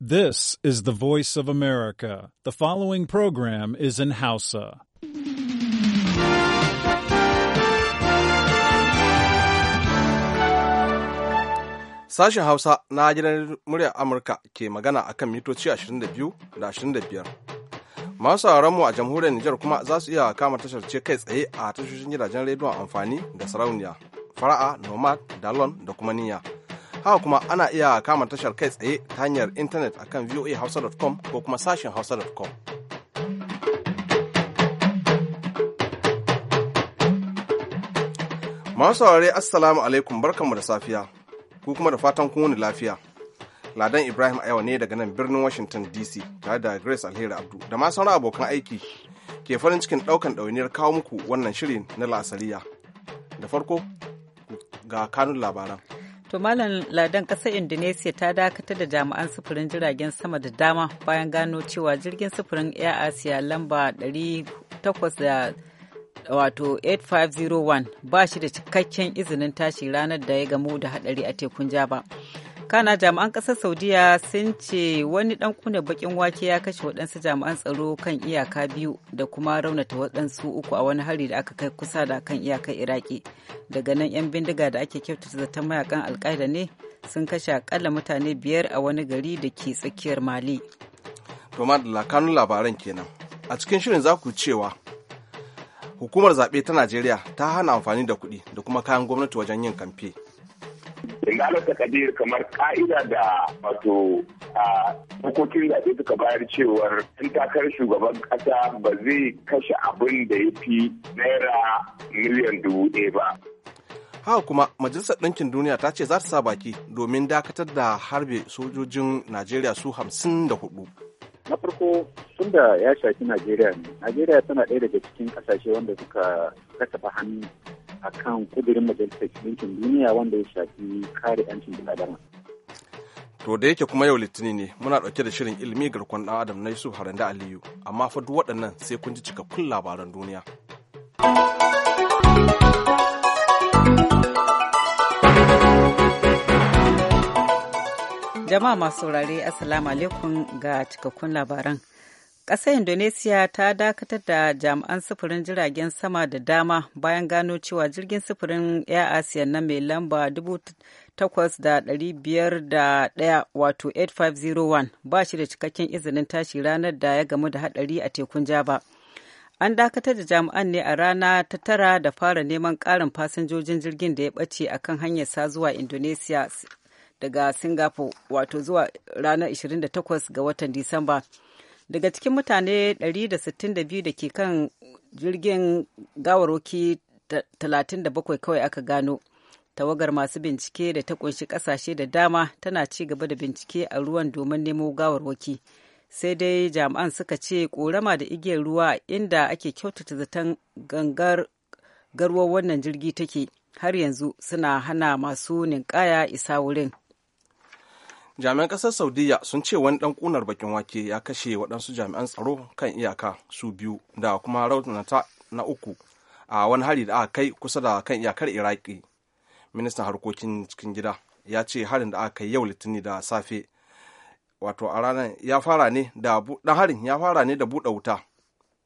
This is the voice of America. The following program is in Hausa. Sashen Hausa na gidan muryar Amurka ke magana akan mitoci 22 da 25. Masu mu a jamhuriyar Nijar kuma za su iya kama tashar ce kai tsaye a tashoshin gidajen rediyon amfani da sarauniya, fara'a, nomad, dalon da kuma niyya. haka kuma ana iya kama tashar kai tsaye ta hanyar intanet akan voahausa.com ko kuma sashen hausa.com Masu saurare Assalamu alaikum barkanmu da safiya, ku kuma da fatan ku wani lafiya. Ladan Ibrahim a ne daga nan birnin Washington DC tare da Grace Alheri Abdu da ma sauran abokan aiki ke farin cikin ɗaukan ɗawainiyar kawo muku wannan shirin na la'asariya. Da farko ga kanun labaran. To Malam Ladan ƙasar Indonesia ta dakatar da jami'an sufurin jiragen sama da dama bayan gano cewa jirgin sufurin Air Asia lamba 8501 ba shi da cikakken izinin tashi ranar da ya gamu da hadari a tekun Jaba. kana jami'an ƙasar saudiya sun ce wani ɗan kuna bakin wake ya kashe waɗansu jami'an tsaro kan iyaka biyu da kuma raunata waɗansu uku a wani hari da aka kai kusa da kan iyakar iraki daga nan 'yan bindiga da ake kyautata ta mayakan alkaida ne sun kashe akalla mutane biyar a wani gari da ke tsakiyar mali to da kanun labaran kenan a cikin shirin za cewa hukumar zaɓe ta najeriya ta hana amfani da kuɗi da kuma kayan gwamnati wajen yin kamfe yanzu ala kadir kamar ka'ida da wato a hukukin zaɓe suka bayar cewar tun takarar shugaban ƙasa ba zai kashe abin da ya fi naira miliyan dubu ɗaya ba. Haka kuma Majalisar Ɗinkin Duniya ta ce za ta sa baki domin dakatar da harbe sojojin Najeriya su hamsin da hudu. na farko tun da ya shafi najeriya ne najeriya tana ɗaya daga cikin ƙasashe wanda suka kasafa hannu a kan kudirin majalisar ɗinkin duniya wanda ya shafi kare 'yancin bil'adama. To da yake kuma yau litinin ne muna ɗauke da shirin ilimi garkon ɗan adam na Yusuf Haranda Aliyu amma fa duk waɗannan sai kun ji cikakkun labaran duniya. Jama'a masu saurare Assalamu alaikum ga cikakkun labaran. ƙasar Indonesia ta dakatar da jami'an sufurin jiragen sama da dama bayan gano cewa jirgin sufurin air asia na mai lamba 8,501 wato 8501 ba shi da cikakken izinin tashi ranar da ya gamu da hadari a tekun java an dakatar da jami'an ne a rana ta tara da fara neman ƙarin fasinjojin jirgin da ya ɓace a kan hanyarsa zuwa Indonesia daga singapore wato zuwa ranar 28 ga watan disamba daga cikin mutane 162 da ke kan jirgin gawarwaki 37 kawai aka gano tawagar masu bincike da ta kunshi kasashe da dama tana ci gaba da bincike a ruwan domin nemo gawarwaki sai dai jami'an suka ce korama da igiyar ruwa inda ake kyautata zaton gangar garwar wannan jirgi take har yanzu suna hana masu ninkaya isa wurin jami'an ƙasar saudiya sun ce wani ɗan ƙunar bakin wake ya kashe waɗansu jami'an tsaro kan iyaka su biyu da kuma raunata na uku a wani hari da aka kai kusa da kan iyakar iraki ministan harkokin cikin gida ya ce harin da aka kai yau litinin da safe wato a ranar ya fara ne da dan harin ya fara ne da buɗe wuta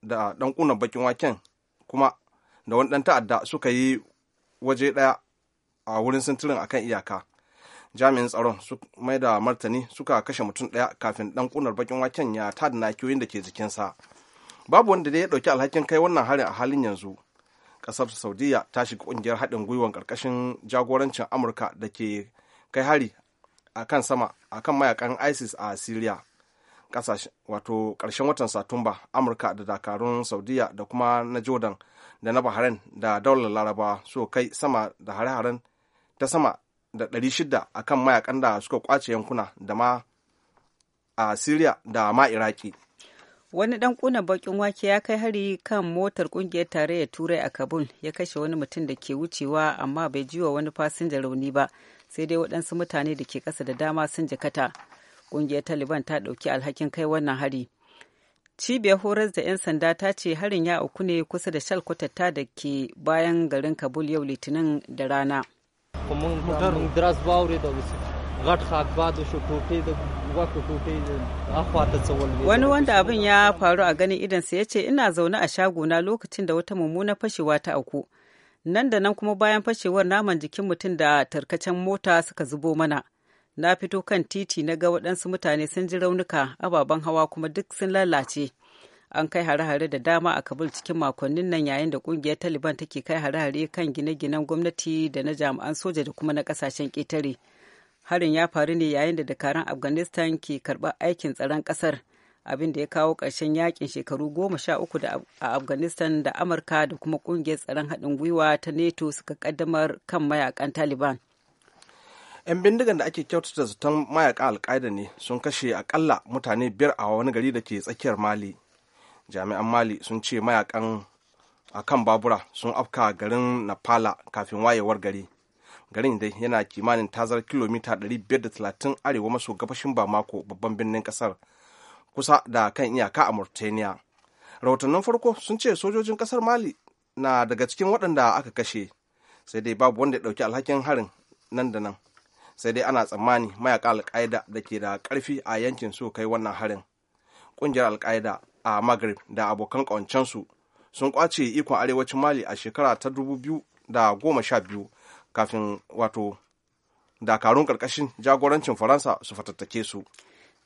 da ɗan ƙunar bakin waken kuma da wani ɗan ta'adda suka yi waje ɗaya a wurin sintirin akan iyaka jami'in tsaron su mai da martani suka kashe mutum ɗaya kafin ɗan ƙunar bakin waken ya tada nakiyoyin da ke jikinsa babu wanda da ya dauki alhakin kai wannan harin a halin yanzu ƙasar saudiya ta shiga ƙungiyar haɗin gwiwar ƙarƙashin jagorancin amurka da ke kai hari a kan sama a mayakan isis a syria wato ƙarshen watan satumba amurka da dakarun saudiya da kuma na jordan da na bahrain da daular laraba so kai sama da hare-haren ta sama da 600 a kan mayakan da suka kwace yankuna da ma a Siriya da ma Iraki. Wani ɗan kuna bakin wake ya kai hari kan motar ƙungiyar tarayyar Turai a Kabul ya kashe wani mutum da ke wucewa amma bai jiwa wani fasinja rauni ba sai dai waɗansu mutane da ke ƙasa da dama sun jikata. Ƙungiyar Taliban ta ɗauki alhakin kai wannan hari. cibiyar horar da 'yan sanda ta ce harin ya auku ne kusa da shalkwatatta da ke bayan garin kabul yau litinin da rana wani wanda abin ya faru a ganin idansa ya ce ina zaune a shagona lokacin da wata mummuna fashewa ta auku nan da nan kuma bayan fashewar naman jikin mutum da tarkacen mota suka zubo mana na fito kan titi na ga waɗansu mutane sun ji raunuka ababen hawa kuma duk sun lalace an kai hare-hare da dama a kabul cikin makonnin nan yayin da kungiyar taliban take kai hare-hare kan gine-ginen gwamnati da na jami'an soja da kuma na kasashen ƙetare harin ya faru ne yayin da dakaran afghanistan ke karɓar aikin tsaron kasar abin da ya kawo ƙarshen yakin shekaru goma sha uku a afghanistan da amurka da kuma ƙungiyar tsaron haɗin gwiwa ta neto suka ƙaddamar kan mayakan taliban 'yan bindigan da ake kyautata zaton mayaka alkaida ne sun kashe akalla mutane biyar a wani gari da ke tsakiyar mali jami'an mali sun ce mayakan a kan babura sun afka garin napala kafin wayewar gari garin dai yana kimanin tazar kilomita 530 arewa maso gabashin bamako babban birnin kasar kusa da kan iyaka a mauritania rahotannin farko sun ce sojojin kasar mali na daga cikin waɗanda aka kashe sai dai babu wanda ya ɗauki alhakin harin nan da nan sai dai ana tsammani mayaka alƙa'ida da ke da ƙarfi a yankin su kai wannan harin ƙungiyar alƙa'ida a magrib da abokan ƙawancensu sun kwace ikon arewacin mali a shekara ta da goma sha biyu kafin wato dakarun ƙarƙashin jagorancin faransa su fatattake su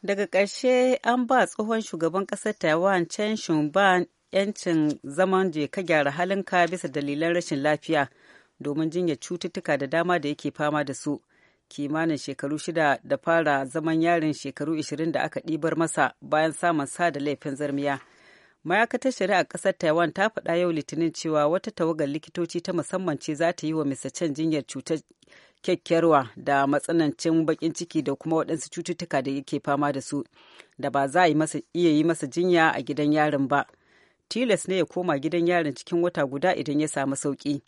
daga ƙarshe an ba tsohon shugaban ƙasar taiwan chen Shunban yancin zaman je ka gyara ka bisa dalilan rashin lafiya domin jinya cututtuka da dama da yake fama da su kimanin shekaru shida da fara zaman yarin shekaru 20 da aka ɗibar masa bayan samun sa da laifin zarmiya. ma'aikatar shari'a ƙasar taiwan ta faɗa yau litinin cewa wata tawagar likitoci ta musamman ce za ta yi wa mr chen jinyar cutar kyakkyarwa da matsanancin baƙin ciki da kuma waɗansu cututtuka da yake fama da su da ba za a iya yi masa jinya a gidan yarin ba tilas ne ya koma gidan yarin cikin wata guda idan ya samu sauƙi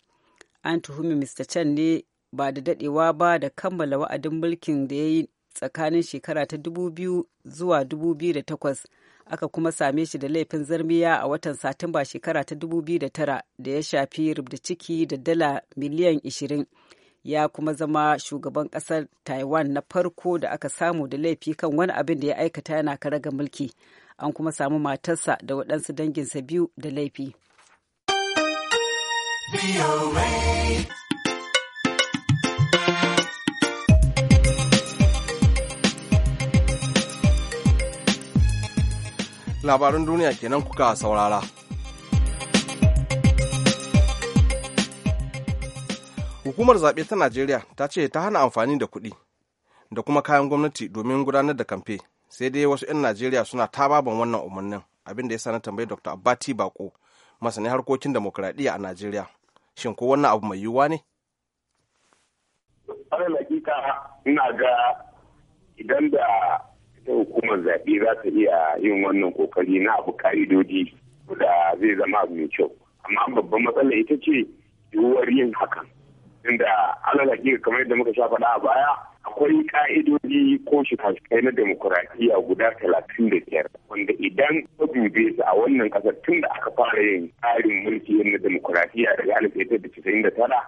an tuhumi mr chen ne ba da dadewa ba da kammala wa'adin mulkin da ya yi tsakanin shekara ta 2000 zuwa 2008 aka kuma same shi da laifin zarmiya a watan satumba shekara ta 2009 da ya shafi rubda ciki da dala miliyan 20 ya kuma zama shugaban kasar taiwan na farko da aka samu da laifi kan wani abin da ya aikata yana karaga mulki an kuma samu matarsa da waɗansu danginsa biyu da laifi. labaran duniya kenan kuka saurara. Hukumar zaɓe ta Najeriya ta ce ta hana amfani da kuɗi da kuma kayan gwamnati domin gudanar da kamfe sai dai wasu 'yan Najeriya suna tababan wannan umarnin abin da ya sa na tambayi Dr. Abbati Bako masanin harkokin demokuraɗiyya a Najeriya. Shin ko wannan abu mai yiwuwa ne? tsarin hakika ina ga idan da ita hukumar zaɓe za ta iya yin wannan kokari na abu ka'idodi da zai zama abu mai kyau amma babban matsala ita ce yiwuwar yin hakan inda alal hakika kamar yadda muka sha faɗa a baya akwai ka'idodi ko shikashikai na demokuraɗiyya guda talatin da biyar wanda idan ka dube su a wannan ƙasar tun da aka fara yin tsarin mulki na demokuraɗiyya daga alif da casa'in da tara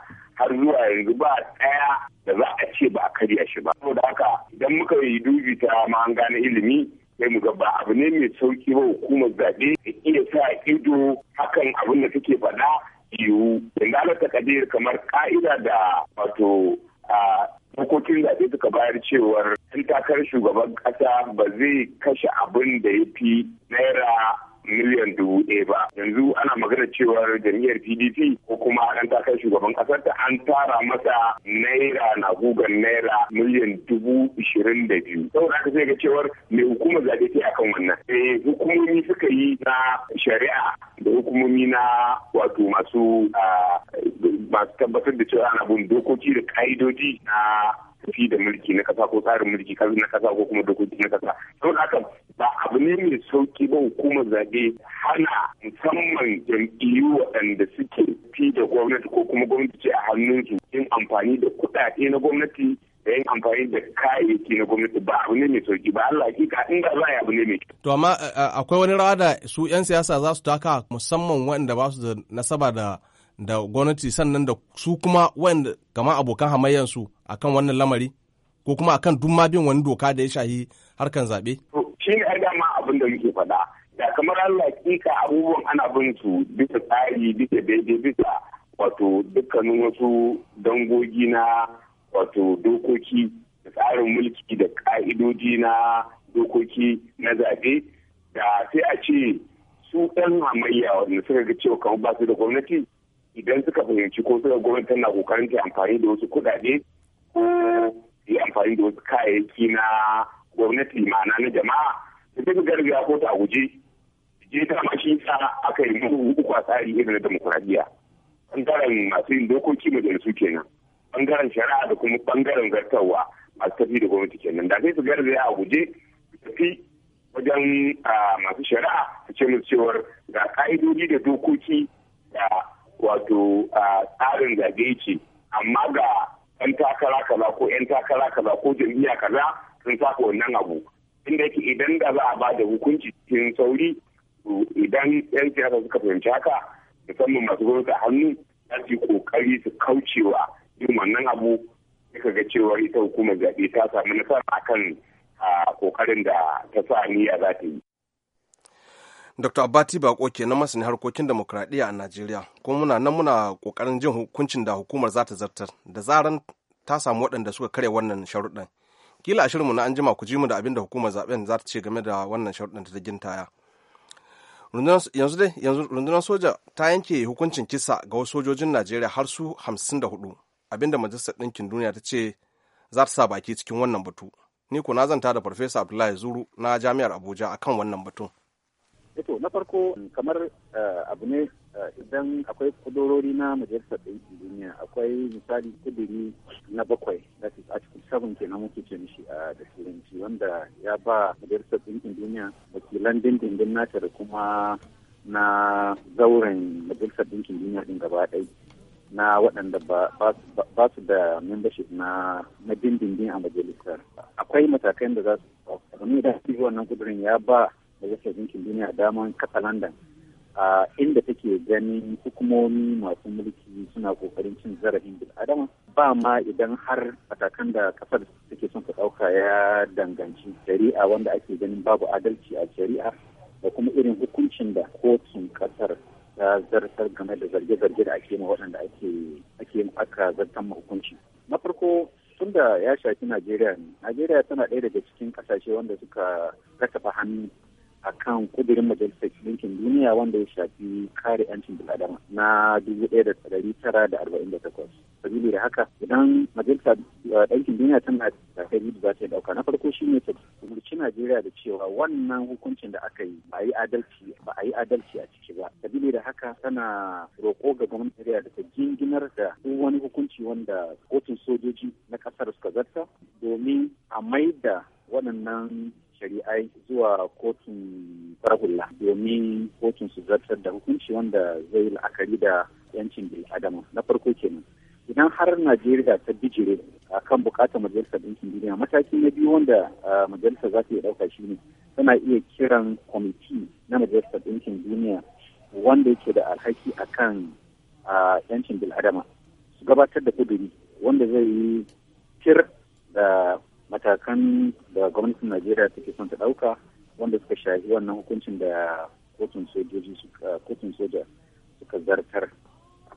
har zuwa yanzu ba ɗaya da za a ce ba a karya shi ba saboda haka idan muka yi dubi ta mahanga na ilimi sai mu ga ba abu ne mai sauki ba hukumar zaɓe da iya sa ido hakan abin da take faɗa yiwu yanzu ala takadir kamar ƙa'ida da wato dokokin zaɓe suka bayar cewar ɗan takarar shugaban ƙasa ba zai kashe abin da ya fi naira miliyan dubu ɗaya ba yanzu ana magana cewar jam'iyyar pdp ko kuma ɗan takarar shugaban ƙasar ta an tara masa naira na gugan naira miliyan dubu ishirin da biyu saboda haka sai ga cewar mai hukumar zaɓe ta akan wannan sai eh, hukumomi suka yi na shari'a da hukumomi na wato masu masu tabbatar da cewa ana bin dokoki da ka'idoji na tafi da mulki na kasa ko tsarin mulki na kasa ko kuma dokoki na kasa saboda haka ba abu ne mai sauki ba hukumar zaɓe hana musamman jam'iyyu waɗanda suke fi da gwamnati ko kuma gwamnati ce a hannunsu yin amfani da kuɗaɗe na gwamnati da yin amfani da kayayyaki na gwamnati ba abu ne mai sauki ba Allah hakika in ga za a abu ne mai to amma akwai wani rawa da su 'yan siyasa za su taka musamman waɗanda ba su da nasaba da da gwamnati sannan da su kuma waɗanda kamar abokan hamayyansu akan wannan lamari ko kuma akan duk ma bin wani doka da ya shahi harkan zaɓe. abin da muke faɗa da kamar Allah kika abubuwan ana bin su bisa tsari bisa daidai bisa wato dukkanin wasu dangogi na wato dokoki da tsarin mulki da ka'idoji na dokoki na zaɓe da sai a ce su ɗan hamayya wanda suka ga cewa kamar ba su da gwamnati idan suka fahimci ko suka gwamnati tana kokarin ta amfani da wasu kuɗaɗe ko yi amfani da wasu kayayyaki na gwamnati ma'ana na jama'a sai ka garbi ko ta guje je ta mashi ta aka yi mu uku a tsari irin na demokuraɗiyya bangaren masu yin dokoki majalisu kenan bangaren shari'a da kuma bangaren gartarwa masu tafi da gwamnati kenan da sai su garzaya a guje tafi wajen masu shari'a su ce musu cewar ga ka'idodi da dokoki da wato tsarin zaɓe yake amma ga 'yan takara kaza ko 'yan takara kaza ko jam'iyya kaza sun saka wannan abu inda yake idan da za a ba da hukunci cikin sauri idan yan siyasa suka fahimci haka musamman masu gwamnati hannu za su yi kokari su kaucewa yin wannan abu ka ga cewa ita hukumar zaɓe ta samu nasara kan kokarin da ta sa niyya za ta yi. Dr. Abati Bako kenan masani harkokin demokradiyya a Najeriya kuma muna nan muna kokarin jin hukuncin da hukumar za ta zartar da zaran ta samu waɗanda suka karya wannan sharuɗan kila ashirinmu na anjima ku ji mu da abin da hukumar zaben za ta ce game da wannan sharuɗin ta gintaya yanzu dai yanzu rundunar soja ta yanke hukuncin kisa ga wasu sojojin najeriya har su hamsin da hudu abinda majalisar ɗinkin duniya ta ce za ta sa baki cikin wannan batu ni ko na zanta da farfesa abdullahi zuru na jami'ar abuja akan wannan batun na farko kamar eh, abu ne idan akwai kudurori na majalisar ɗinkin duniya akwai misali kudiri na bakwai na cikin sabon kenan muke ce mishi a da turanci wanda ya ba majalisar ɗinkin duniya wakilan dindindin nata da kuma na zauren majalisar ɗinkin duniya ɗin gaba ɗaya na waɗanda ba su da membership na na dindindin a majalisar akwai matakan da za su ɗauka da wannan ya ba majalisar ɗinkin duniya daman london a inda take ganin hukumomi masu mulki suna kokarin cin zarafin bil'adama ba ma idan har matakan da kasar take son ka ɗauka ya danganci shari'a wanda ake ganin babu adalci a shari'a da kuma irin hukuncin da kotun kasar ta zartar game da zarge-zarge da ake ma waɗanda ake ake aka zartar ma hukunci na farko tunda ya shafi najeriya ne najeriya tana ɗaya daga cikin ƙasashe wanda suka rasa hannu a kan kudirin majalisar ɗinkin duniya wanda ya shafi kare 'yancin bil'adama na dubu ɗaya da tara da arba'in da takwas. Sabili da haka idan majalisar eh, ɗinkin duniya tana da kai da za ta ɗauka na farko shi ne ta umarci Najeriya da cewa wannan hukuncin da aka yi ba a yi adalci ba a yi adalci a ciki ba. Sabili da haka tana roƙo ga gwamnatin da ta jinginar da duk wani hukunci wanda kotun sojoji na ƙasar suka zarta domin a maida waɗannan shari'ai zuwa kotun farhulla domin kotun su zartar da hukunci wanda zai la'akari da yancin bil'adama na farko kenan idan har najeriya ta bijire a kan bukatar majalisar ɗinkin duniya mataki na biyu wanda majalisar za ta iya ɗauka shi ne tana iya kiran kwamiti na majalisar ɗinkin duniya wanda yake da alhaki a kan yancin bil'adama su gabatar da kuduri wanda zai yi kir da matakan da gwamnatin najeriya take son ta ɗauka wanda suka shafi wannan hukuncin da kotun sojoji ah, kotun soja suka zartar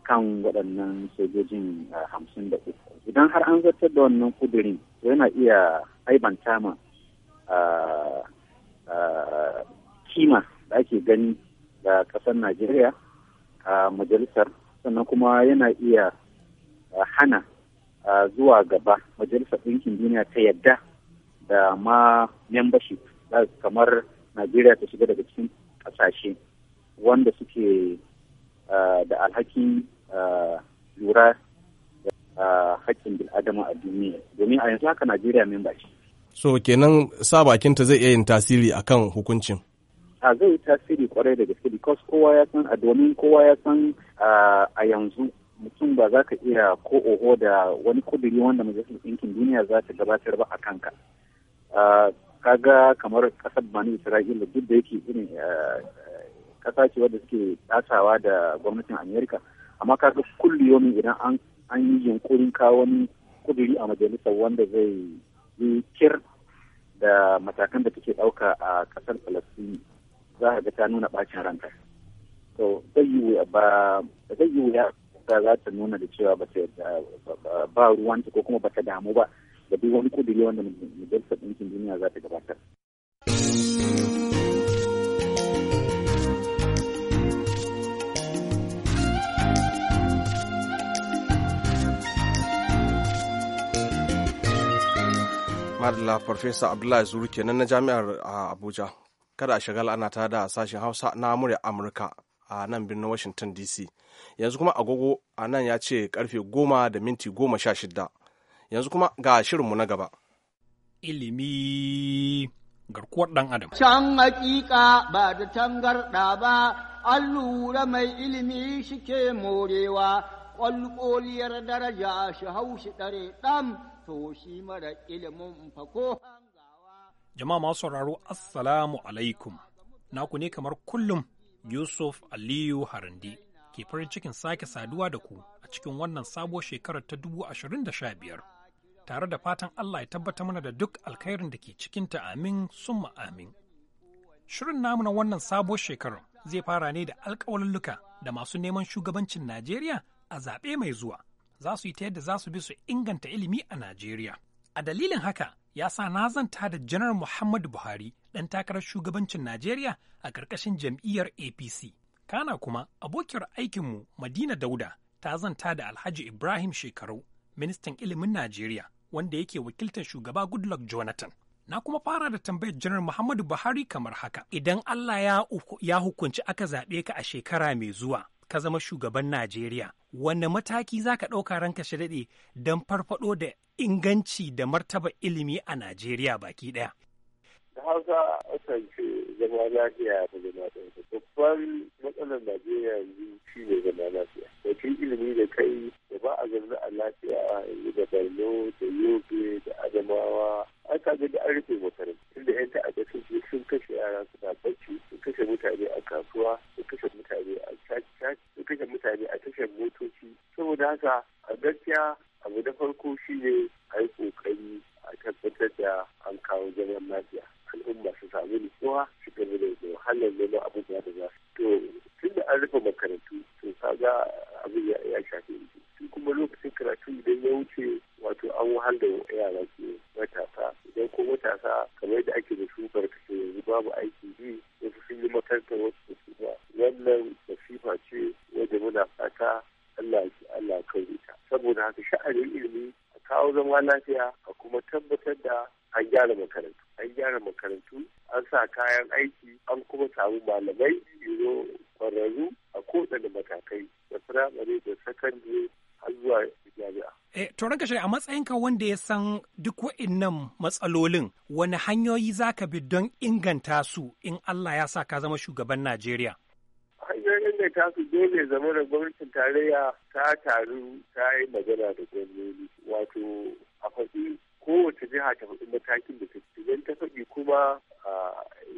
kan waɗannan sojojin ah, hamsin da uku idan har an zartar da wannan kudirin to yana iya aibanta ma ah, kima da ake gani da ƙasar najeriya a majalisar sannan kuma yana iya hana zuwa gaba majalisar ɗinkin duniya ta yadda da ma membership kamar najeriya ta shiga daga cikin ƙasashe wanda suke da alhakin lura da hakkin bil'adama a duniya domin a yanzu haka najeriya memba so kenan sa bakinta zai iya yin tasiri akan hukuncin a zai yi tasiri kwarai da gaske because kowa ya san a domin kowa ya san a yanzu mutum ba za ka iya ko oho da wani kuduri wanda majalisar ɗinkin duniya za ta gabatar ba a kanka kaga kamar ƙasar bani isra'ila duk da yake irin ƙasa ce wadda suke tasawa da gwamnatin amerika amma kaga kulli yomi idan an yi yunkurin kawo wani kuduri a majalisar wanda zai yi kir da matakan da take ɗauka a ƙasar falastini za ka ga ta nuna ɓacin ranta to zai yi wuya ƙasa za ta nuna da cewa ba ta ba ruwanta ko kuma ba ta damu ba da duk wani kudiri wanda majalisar ɗinkin duniya za ta gabatar. Madalla Farfesa Abdullahi Zuru kenan na jami'ar Abuja. Kada a shagala ana tada a sashen Hausa na murya Amurka a nan birnin washington dc yanzu kuma agogo a nan ya ce karfe goma da minti goma sha shida yanzu kuma ga shirinmu na gaba ilimi garkuwar ɗan adam can hakika ba da tangarɗa ba allura mai ilimi shike morewa ƙwalƙoliyar daraja shi haushi ɗare ɗan to shi mara ilimin fako jama'a masu sauraro assalamu alaikum naku ne kamar kullum Yusuf Aliyu Harande ke farin cikin sake saduwa da ku a cikin wannan sabuwar shekarar ta dubu ashirin da sha biyar, tare da fatan Allah ya tabbata mana da duk alkhairin da ke cikin ta amin summa amin. Shirin namu na wannan sabuwar shekarar zai fara ne da alkawalluka da masu neman shugabancin Najeriya a zaɓe mai zuwa za su yi ta yadda za su bi su inganta ilimi a Najeriya. A dalilin haka ya sa na zanta da Janar Muhammadu Buhari ɗan takarar shugabancin Najeriya a ƙarƙashin jam'iyyar APC. Kana kuma abokiyar aikinmu Madina Dauda ta zanta da Alhaji Ibrahim Shekaru, ministan ilimin Najeriya, wanda yake wakiltar shugaba Goodluck Jonathan. Na kuma fara da tambayar janar Muhammadu Buhari kamar haka. Idan Allah ya, hukunci aka zaɓe ka a shekara mai zuwa, ka zama shugaban Najeriya, wanne mataki za ka ɗauka ranka shi don farfaɗo da inganci da martaba ilimi a Najeriya baki ɗaya? da hausa a ce zama lafiya da zama ɗansa babban matsalar najeriya yanzu shi ne zama lafiya batun ilimi da kai da ba a zaune a lafiya yanzu da barno da yobe da adamawa an ga da an rufe inda yan ta'adda sun je sun kashe yara suna bacci sun kashe mutane a kasuwa sun kashe mutane a caci sun kashe mutane a tashar motoci saboda haka a gaskiya abu da farko shine ne a yi kokari a tabbatar da an kawo zaman lafiya al'umma su sami nutsuwa su gani da wahalar neman abubuwa da za su to tun da an rufe makarantu to kaga abin ya shafi su kuma lokacin karatu idan ya wuce wato an wahal da yara ke matasa idan ko matasa kamar yadda ake da su barkatai yanzu babu aiki bi. wasu sun yi makarantar wasu su ba wannan masifa ce wadda muna fata Allah Allah kaure ta saboda haka sha'anin ilimi kawo zama lafiya a kuma tabbatar da an gyara makarantu an gyara makarantu an sa kayan aiki an kuma samu malamai iro kwararru a kowane matakai da firamare da sakandare har zuwa jami'a. Eh, to ranka a matsayinka wanda ya san duk wa'innan matsalolin wani hanyoyi za ka bi don inganta su in Allah ya sa ka zama shugaban Najeriya? Hanyoyin da ta su dole zama da gwamnatin tarayya ta taru ta yi magana da gwamnoni wato a faɗi kowace jiha ta faɗi matakin da ta idan ta faɗi kuma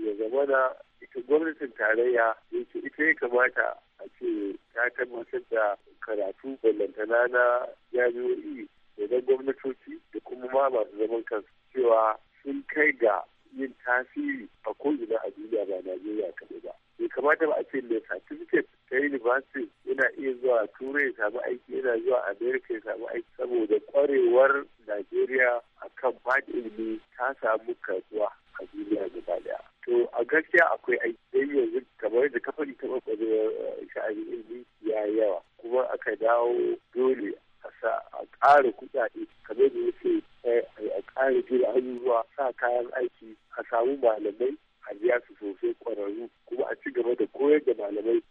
ya zama na ita gwamnatin tarayya yake ita ya kamata a ce ta tabbatar da karatu ballantana na jami'o'i da gwamnatoci da kuma ma masu zaman kansu cewa sun kai ga yin tasiri a ko'ina a duniya ba Najeriya kaɗai ba. ya kamata ba a ce mai certificate ta university yana iya zuwa turai ya samu aiki yana zuwa america ya samu aiki saboda kwarewar najeriya akan bada ilimi ta samu kasuwa a duniya gaba daya to a gaskiya akwai aiki yi yanzu kamar yadda kamar faɗi ta ɓangaren sha'anin ilimi ya yawa kuma aka dawo dole a sa a ƙara kuɗaɗe kamar da yake eh, a ƙara jira zuwa sa kayan aiki a samu malamai a biya su sosai ƙwararru kuma a ci gaba da koyar da malamai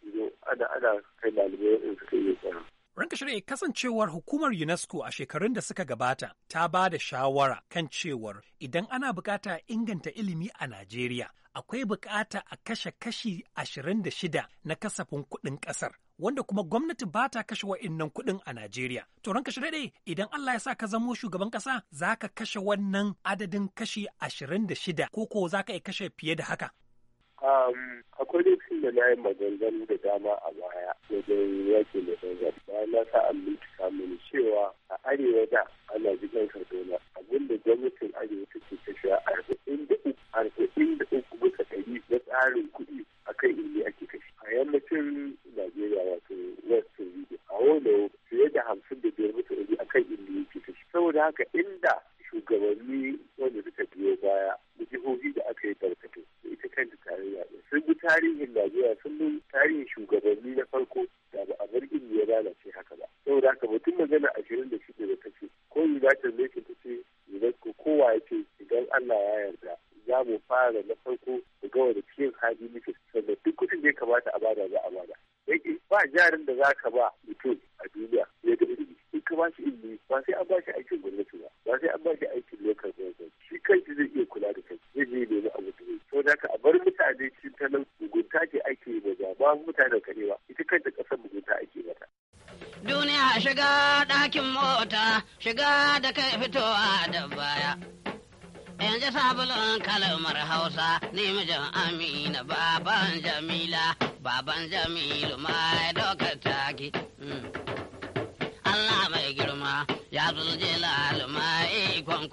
shirin kasancewar hukumar UNESCO a shekarun da suka gabata ta ba da shawara kan cewar idan ana bukata inganta ilimi a Najeriya, akwai bukata a kashe kashi 26 na kasafin kuɗin ƙasar. Wanda kuma gwamnati ba ta kashe wa'innan kuɗin a Najeriya. To ranka shirya daɗe idan Allah ya sa ka zamo shugaban ƙasa za ka kashe wannan adadin kashi 26 ko ko za ka iya kashe fiye da haka. Um, akwai lokacin da na yi maganganu da dama a baya wajen yakin da zanzan bayan na sa an bincika cewa a arewa da ana jigan kaduna abinda gwamnatin arewa ke kashe arba'in da uku arba'in da uku bisa ɗari na tsarin kuɗi a kan inda ake kashe a yammacin najeriya wato west region a wanda fiye da hamsin da biyar bisa ɗari a kan inda yake kashe saboda haka inda shugabanni wanda suka biyo baya da jihohi da aka yi barkatu da ita kanta tarayya sun bi tarihin najeriya sun bi tarihin shugabanni na farko da ba a bar inda ya lalace haka ba saboda haka mutum magana ashirin da shida da ta ce ko yi za ta ce unesco kowa ya ce idan allah ya yarda za mu fara na farko da gawa da cikin hali muke sannan duk kudin da ya kamata a bada za a bada yake ba jarin da za ka ba mutum a duniya ya da ilimi aka ba shi ilimi ba sai an ba shi aikin gwamnati ba ba sai an ba shi aikin lokal gwamnati shi kanshi zai iya kula da kai zai je nemi abu da zai to da ka a bar mutane cin talan mugunta ke ake yi ba ba mutanen kare ba ita kanta kasar mugunta ake mata. duniya shiga ɗakin mota shiga da kai fitowa da baya yanzu sabulun kalmar hausa ne mijin amina baban jamila baban jamilu ma ya dokar Allah mai girma ya zuje laluma ikon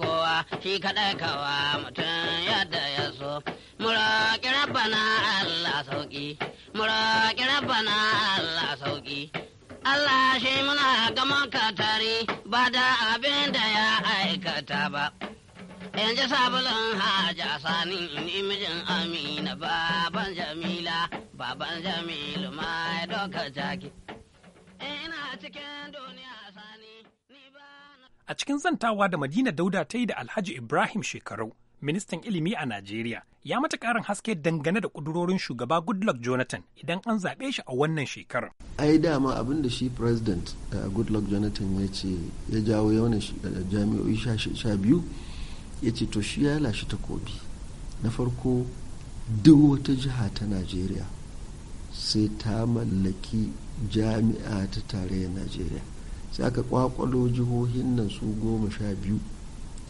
shi kaɗai kawa mutum yadda ya so. kira bana Allah mura kira bana Allah sauki Allah shi muna gama katari ba da abin da ya aikata ba. ji sabulun haja sani ni mijin amina baban jamila baban jamilu ma ya doka jaki A cikin zantawa da Madina Dauda ta yi da Alhaji Ibrahim Shekarau, ministan ilimi a Najeriya, ya mata ƙarin haske dangane da ƙudurorin shugaba Goodluck Jonathan idan an zaɓe shi a wannan shekarar. Ai dama abin da shi President uh, Goodluck Jonathan ya ce ya jawo yawan uh, jami'o'i sha biyu ya ce to shi ya lashe takobi. Na farko duk wata jiha ta Najeriya sai ta mallaki jami'a ta tarayyar najeriya sai aka kwakwalo jihohin nan su goma sha biyu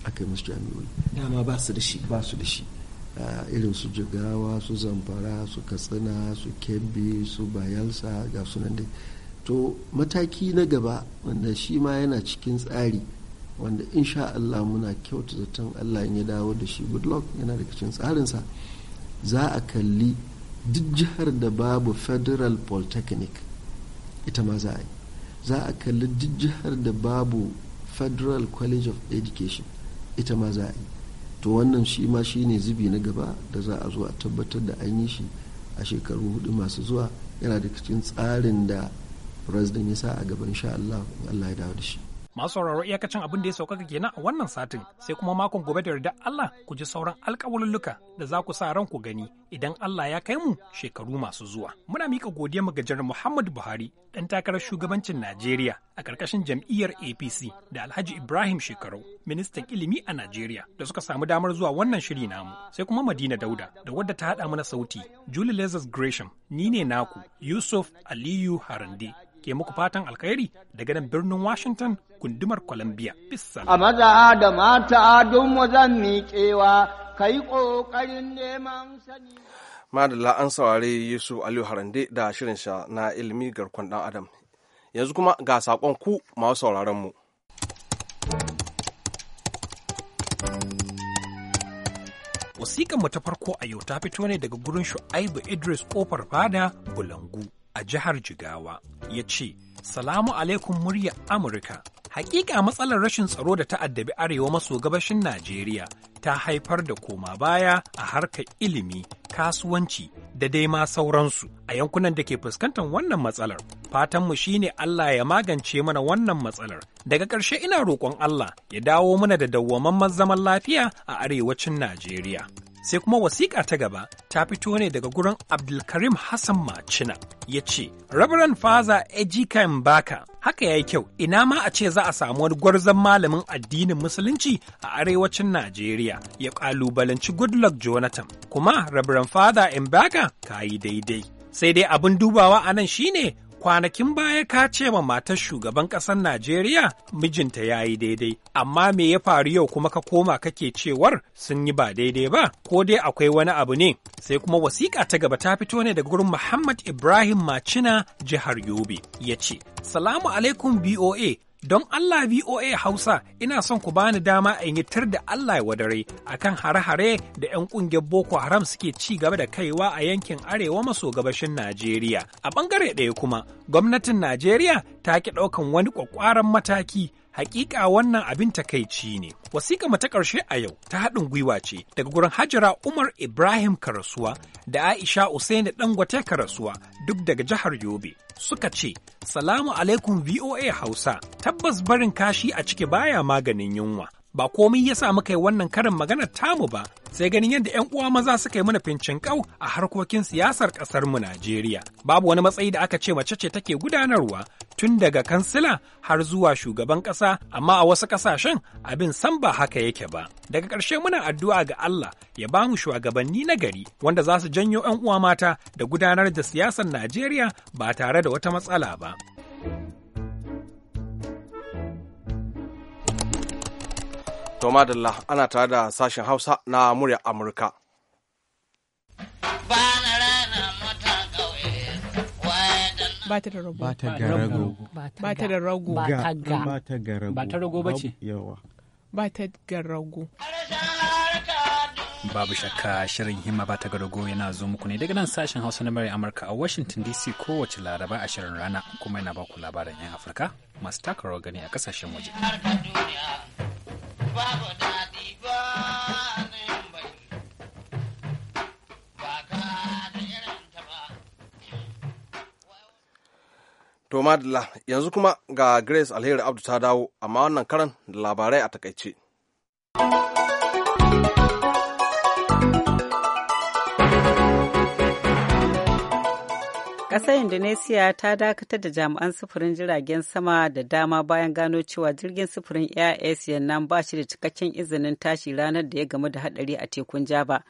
aka yi musu jami'oi dama ba su da shi ba su da shi irin su jigawa su zamfara su katsina su kebbi su bayelsa ga sunan dai to mataki na gaba wanda shi ma yana cikin tsari wanda insha Allah muna kyauta zaton Allah ya dawo da shi good luck yana da cikin tsarinsa za a kalli duk jihar da babu federal polytechnic ita ma za a yi za a kalli duk jihar da babu federal college of education ita ma za a yi to wannan shi ma shi ne zubi na gaba da za a zo a tabbatar da an yi shi a shekaru hudu masu zuwa yana da cikin tsarin da president ya sa a gaban sha Allah Allah ya dawo da shi masu sauraro iyakacin abin da ya sauƙaƙa kenan a wannan satin sai kuma makon gobe da yarda Allah ku ji sauran alƙawululluka da za ku sa ran ku gani idan Allah ya kai mu shekaru masu zuwa. Muna mika godiya mu ga Janar Muhammadu Buhari 'dan takarar shugabancin Najeriya a ƙarƙashin jam'iyyar APC da Alhaji Ibrahim Shekarau ministan ilimi a Najeriya da suka samu damar zuwa wannan shiri namu sai kuma Madina Dauda da wadda ta haɗa mana sauti Julie Lazarus Gresham ni ne naku Yusuf Aliyu Harande ke muku fatan alkhairi daga nan birnin Washington gundumar Columbia. Bissalam. A maza da mata don wazan miƙewa ka yi ƙoƙarin neman sani. Madalla an saurari Yusuf Aliyu Harande da shirinsa na ilimi garkon ɗan Adam. Yanzu kuma ga saƙon ku masu sauraron mu. mu ta farko a yau ta fito ne daga gurin Shu'aibu Idris Kofar Fada Bulangu. a jihar Jigawa ya ce, Salamu alaikum murya Amurka. Hakika matsalar rashin tsaro da ta arewa maso gabashin Najeriya ta haifar da koma baya a harkar ilimi, kasuwanci da dai ma sauransu a yankunan da ke fuskantar wannan matsalar. Fatanmu shi ne Allah ya magance mana wannan matsalar. Daga ƙarshe ina roƙon Allah ya dawo mana da dawwamamman zaman lafiya a arewacin Najeriya. Sai kuma wasiƙa ta gaba ta fito ne daga gurin Abdulkarim Hassan Macina ya ce, Rabaran Faza Ejika Mbaka, haka ya yi kyau, ina ma a ce za a samu wani gwarzon malamin addinin Musulunci a arewacin Najeriya ya ƙalubalanci Goodluck Jonathan, kuma Rabaran Faza Mbaka ka yi daidai. Sai dai abin dubawa a nan shine Kwanakin baya ka ce ma matar shugaban ƙasar Najeriya mijinta ya yi daidai, amma me ya faru yau kuma ka koma kake cewar sun yi ba daidai ba, ko dai akwai wani abu ne. Sai kuma wasiƙa ta gaba ta fito ne daga gurin Muhammad Ibrahim Macina jihar Yobe, ya ce, Salamu alaikum BOA, Don Allah VOA Hausa ina son ku bani dama a yitar da Allah ya wadare akan hare-hare da 'yan kungiyar Boko Haram suke ci gaba da kaiwa a yankin arewa maso gabashin Najeriya. A ɓangare ɗaya kuma, gwamnatin Najeriya ta ki ɗaukan wani ƙwaƙwaran mataki Hakika wannan abin takaici ne. Wasiƙa mu ta ƙarshe a yau ta haɗin gwiwa ce daga gurin Hajara Umar Ibrahim Karasuwa da Aisha Usaini Dangote Karasuwa duk daga jihar Yobe. Suka ce, Salamu alaikum VOA Hausa, tabbas barin kashi a ciki baya maganin yunwa. Ba komai ya sa muka yi wannan karin maganar tamu ba, sai ganin yadda 'yan uwa maza suka yi mana fincin kau a harkokin siyasar ƙasar mu Najeriya. Babu wani matsayi da aka ce mace ce take gudanarwa tun daga kansila har zuwa shugaban ƙasa, amma a wasu ƙasashen abin san ba haka yake ba. Daga ƙarshe muna addu'a ga Allah ya ba mu shugabanni na gari wanda za su janyo 'yan uwa mata da gudanar da siyasar Najeriya ba tare da wata matsala ba. To madalla ana tare da sashen Hausa na murya Amurka. Ba ta da rago. Ba ta ga rago. Ba da rago. Bata ga. rago. Bata rago Babu shakka shirin himma ba ta rago yana zo muku ne daga nan sashen Hausa na murya Amurka a Washington DC kowace Laraba a shirin rana kuma yana baku labaran 'yan Afirka masu taka rawar gani a kasashen waje. To madalla yanzu kuma ga Grace Alheri Abdu ta dawo amma wannan karan da labarai a takaice. Ƙasar Indonesia ta dakatar da jami'an sufurin jiragen sama da dama bayan gano cewa jirgin sufurin Air Asia nan ba shi da cikakken izinin tashi ranar da ya gamu da hadari a tekun Java.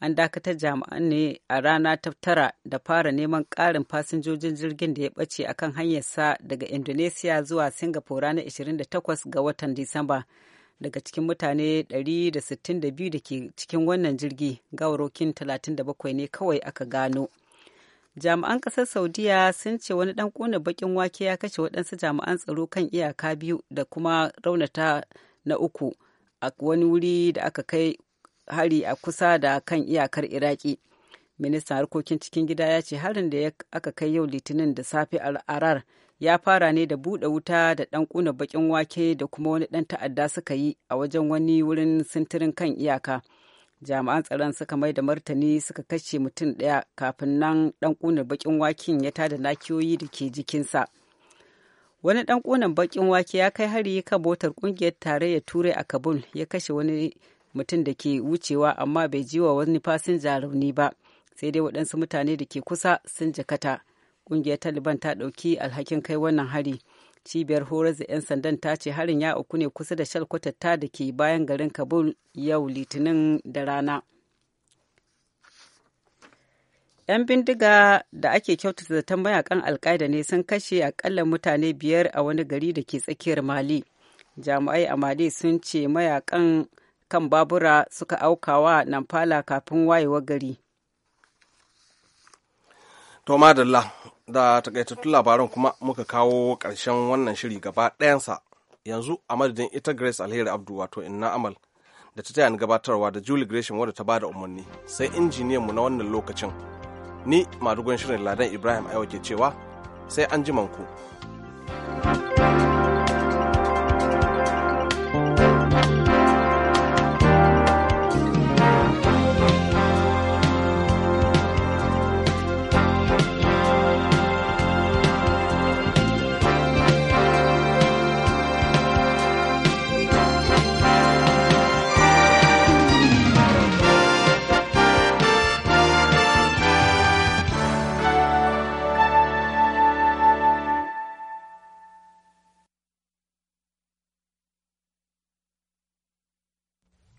An dakatar jami'an ne a rana ta tara da fara neman ƙarin fasinjojin jirgin da ya ɓace a kan hanyarsa daga Indonesia zuwa Singapore ranar 28 ga watan Disamba. Daga cikin mutane 162 da ke cikin wannan jirgi, gawarokin 37 ne kawai aka gano. jami'an ƙasar saudiya sun ce wani ɗan ƙona baƙin wake ya kashe waɗansu jami'an tsaro kan iyaka biyu da kuma raunata na uku a wani wuri da aka kai hari a kusa da kan iyakar iraki ministan harkokin cikin gida ya ce harin da aka kai yau litinin da safe arar ya fara ne da buɗe wuta da ɗan ƙuna baƙin wake da kuma wani ɗan ta'adda suka yi a wajen wani wurin sintirin kan iyaka jami'an tsaron suka mai da martani suka kashe mutum ɗaya kafin nan ɗan ƙunar baƙin wakin ya tada nakiyoyi da ke jikinsa wani ɗan ƙunar baƙin wake ya kai hari kan motar ƙungiyar tarayyar turai a kabul ya kashe wani mutum da ke wucewa amma bai ji wa wani fasinja rauni ba sai dai waɗansu mutane da ke kusa sun jakata ƙungiyar taliban ta ɗauki alhakin kai wannan hari cibiyar horar da 'yan sandan ta ce harin ya uku ne kusa da shalkwatatta da ke bayan garin kabul yau litinin da rana 'yan bindiga da ake kyautata zaton mayakan alkaida ne sun kashe akalla mutane biyar a wani gari da ke tsakiyar mali jami'ai a mali sun ce mayakan kan babura suka aukawa namfala kafin wayewa gari To madalla da takaitattun labaran kuma muka kawo ƙarshen wannan shiri gaba ɗayansa yanzu a madadin ita Grace Alheri Abdu wato Inna Amal da ta taya gabatarwa da Julie Gresham wadda ta bada umarni sai injiniyan mu na wannan lokacin ni madugon shirin Ladan Ibrahim Aiwa ke cewa sai an ku. thank you